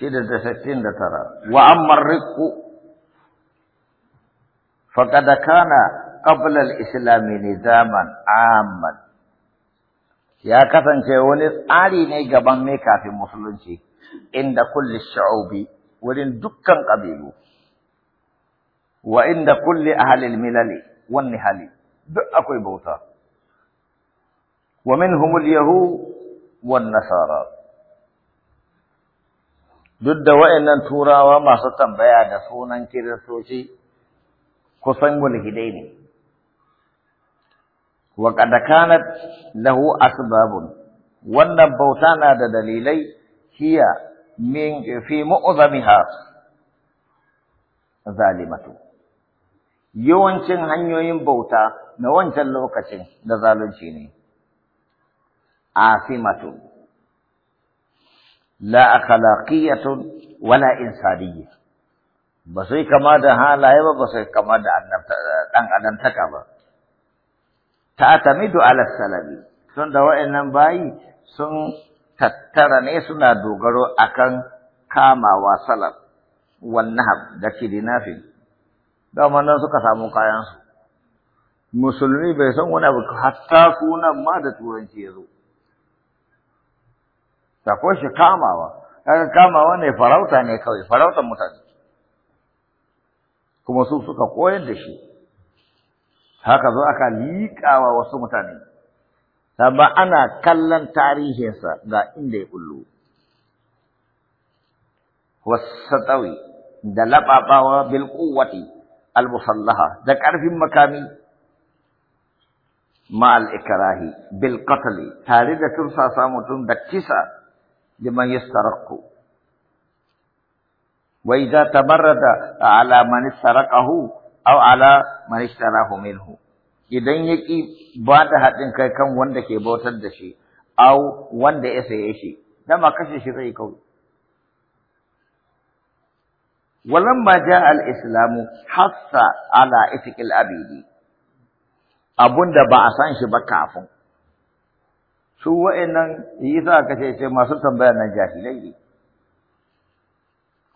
شدة ستين ترى وأما الرق فقد كان قبل الإسلام نظاما عاما يا كفن كوني آلي نيجبان ميكا في مسلمشي عند كل الشعوب ولن دكا قبيل وعند كل أهل الملل والنهل دعكوا بوتا ومنهم اليهود والنصارى duk da wa'annan turawa masu tambaya da sunan kiristoci kusan mulhidai ne wa qad kanat lahu asbabun wannan bauta na da dalilai hiya min fi mu'zamiha zalimatu yawancin hanyoyin bauta na wancan lokacin da zalunci ne asimatu la akhlaqiyatun wala insaniyya ba sai kama da halaye ba ba sai kama da dan adam taka ba ta'tamidu ala salabi sun da wa'annan bayi sun tattara ne suna dogaro kan kamawa salaf wannahab da kidinafin dama nan suka samu kayansu musulmi bai san wani abu hatta sunan ma da turanci ya zo da shi kamawa kaga kamawa ne farauta ne kawai farautan mutane kuma su suka koyar da shi haka zo aka liƙawa wasu mutane ba ana kallon tarihinsa ga inda ya Wasu wasatawi da laɓaɓawa bil quwwati al musallaha da ƙarfin makami ma al ikrahi bil tare da tursasa mutum da kisa لمن يسترق وإذا تبرد على من استرقه أو على من اشتراه منه idan ya ƙi ba da haɗin kai kan wanda ke bautar da shi, au wanda ya saye shi, dama kashe shi zai kawai. Walamma ja al'islamu hassa ala itikil abidi, abun ba a san shi ba kafin. su wa'annan yasa aka ce ce masu tambaya nan jahilai ne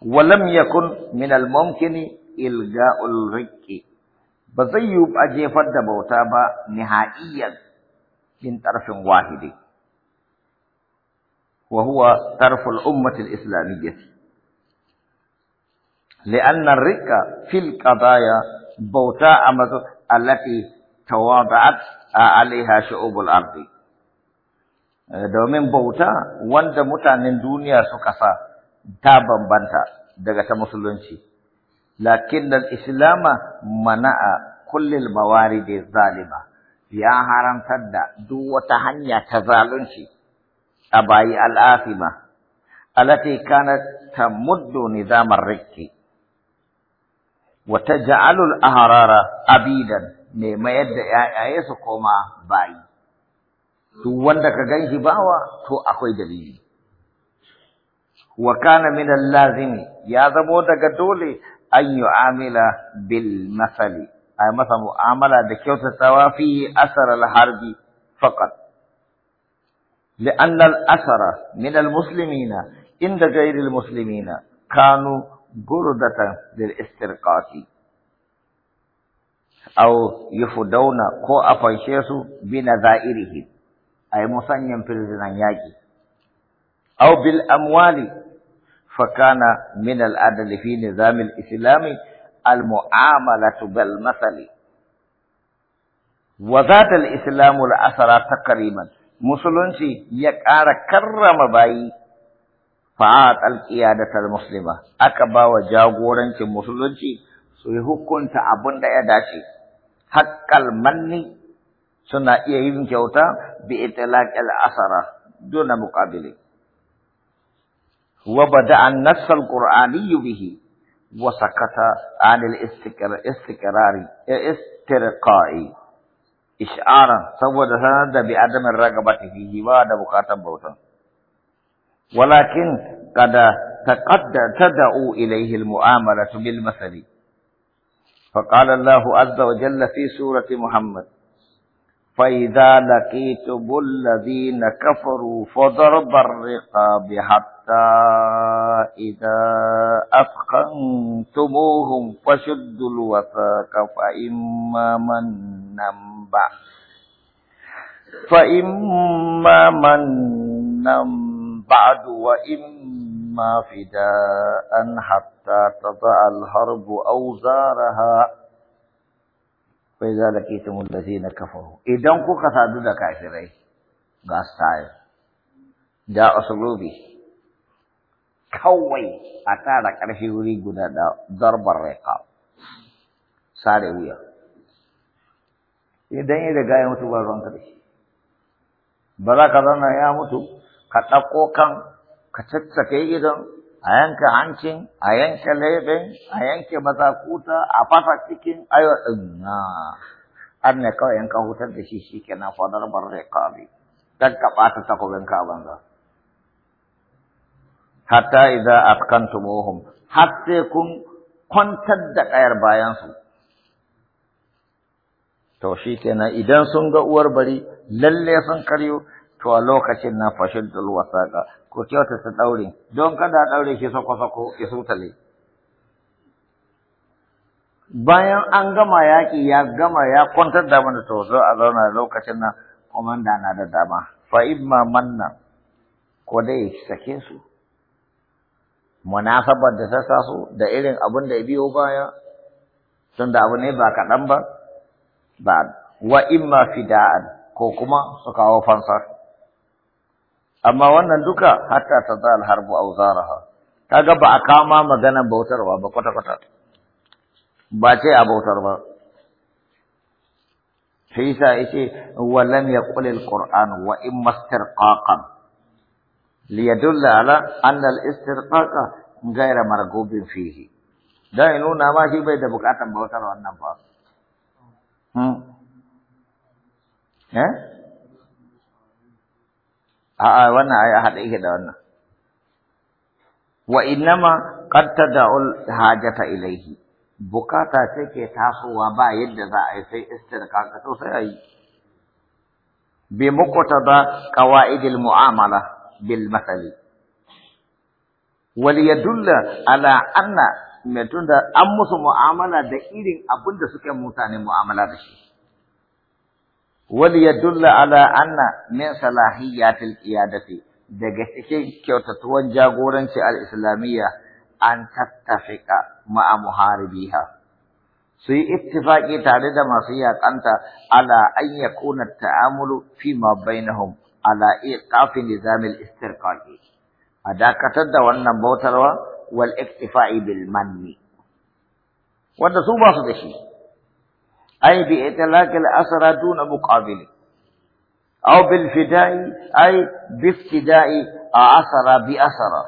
walam yakun min al-mumkin ilga'ul riqqi ba zai yi a jefar da bauta ba nihaiyan min tarfin wahidi wa huwa tarful ummati al-islamiyyah لأن الرق في القضايا بوتاء التي تواضعت عليها شعوب الأرض Eh, domin bauta wanda mutanen duniya suka sa ta bambanta daga ta musulunci lakin da islama mana'a kullil mawaridi zalima ya haramtar da duk wata hanya ta zalunci a bayi al'afima alati kanat tamuddu nizamar rikki Wata ja'alul Aharara, abidan ne mayar da 'ya'yaye su koma bayi to wanda ka ganshi bawa to akwai dalili wa kana min al-lazimi ya zamo daga dole an yu'amila bil masali ay masa mu'amala da kyautatawa fi asar al-harbi faqat لأن الأثر من المسلمين عند غير المسلمين كانوا بردة للاسترقاق أو يفدون كو أفايشيسو بنظائرهم ay yi musanyan firzinan yaƙi. aw bil amwali kana min al adl fi nizam al islam al-mu'amalatu bil masali. Wa zat al islam al asra taqriban musulunci ya ƙara karrama bayi fa'at al qiyadat al muslima, aka ba wa jagorancin musulunci su yi hukunta abin da ya dace, hakkal manni سنة یہی بھی کیا ہوتا بے اطلاق الاثرہ وبدا النص القراني به وسكت عن الاستقرار الاستقرار استرقاء اشعارا سوّد هذا بعدم الرغبة فيه وعد مكاتب بوتا ولكن قد تقد تدعو إليه المؤامرة بالمثل فقال الله عز وجل في سورة محمد فإذا لقيتم الذين كفروا فضرب الرقاب حتى إذا أثخنتموهم فشدوا الوثاق فإما من بعد فإما نم بعد وإما فداء حتى تضع الحرب أوزارها bai za da ke ta da zai na kafaru idan kuka sadu da kafirai ga style da usulubi kawai a tara karshe wuri guda da zarbar raƙa sare wuya idan ya riga ya mutu ba ruwan kaɗai ba za ka zana ya mutu ka ɗauko kan ka caccake gidan a yanka hancin, a yanka leɓen, a yanke mazakuta, a fasa cikin ayo ɗin na. Har ne kawai yanka hutar da shi shi na fadar bar kawai, Dan ka ɓata takobin ka banza. Hatta idan atkantumuhum, har sai kun kwantar da ƙayar bayansu. To shi kenan idan sun ga uwar bari, lalle sun karyo, to a lokacin na fashin saƙa, ko kyauta ta ɗaure don kada a ɗaure shi sako sako ya sutale bayan an gama yaƙi ya gama ya kwantar da mana to a zauna lokacin nan komanda na da dama fa imma manna ko dai sake su munasabar da ta sa su da irin abin da ya biyo baya sun da abu ne ba kaɗan ba ba wa imma fida'an ko kuma su kawo fansa. amma wannan duka hatta ta zal harbu auzaraha kaga ba a kama magana bautarwa ba kwata kwata ba ce a bautar ba shi yasa wa lam yaqul alquran wa in li yadulla ala anna alistirqaqa ghayra marghubin fihi dan na ma shi bai da bukatan bautar wannan ba hmm eh a'a wannan ai haɗe yake da wannan wa innama qad tad'ul hajata ilayhi bukata take ke tasowa ba yadda za a yi sai istirka to sai ayi bi muqtada qawaidil mu'amala bil masali wal yadulla ala anna mai tunda an musu mu'amala da irin abunda suke mutane mu'amala da shi وليدل على أن من صلاحيات القيادة دقيتكي كيو تتوجا قورنش الإسلامية أن تتفق مع محاربيها سي اتفاقي تعدد ما سياك أنت على أن يكون التعامل فيما بينهم على إيقاف نظام الاسترقاق أداك تد وأن والاكتفاء بالمني وأن سوما أي بإطلاق الأسرى دون مقابل أو بالفداء أي بافتداء أسرى بأسرى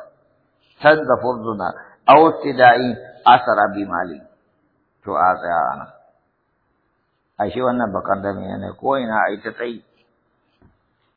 سند فرضنا أو افتداء أسرى بمال تو آسرى أنا أشي وانا بقدم يعني كوين أي تتعيد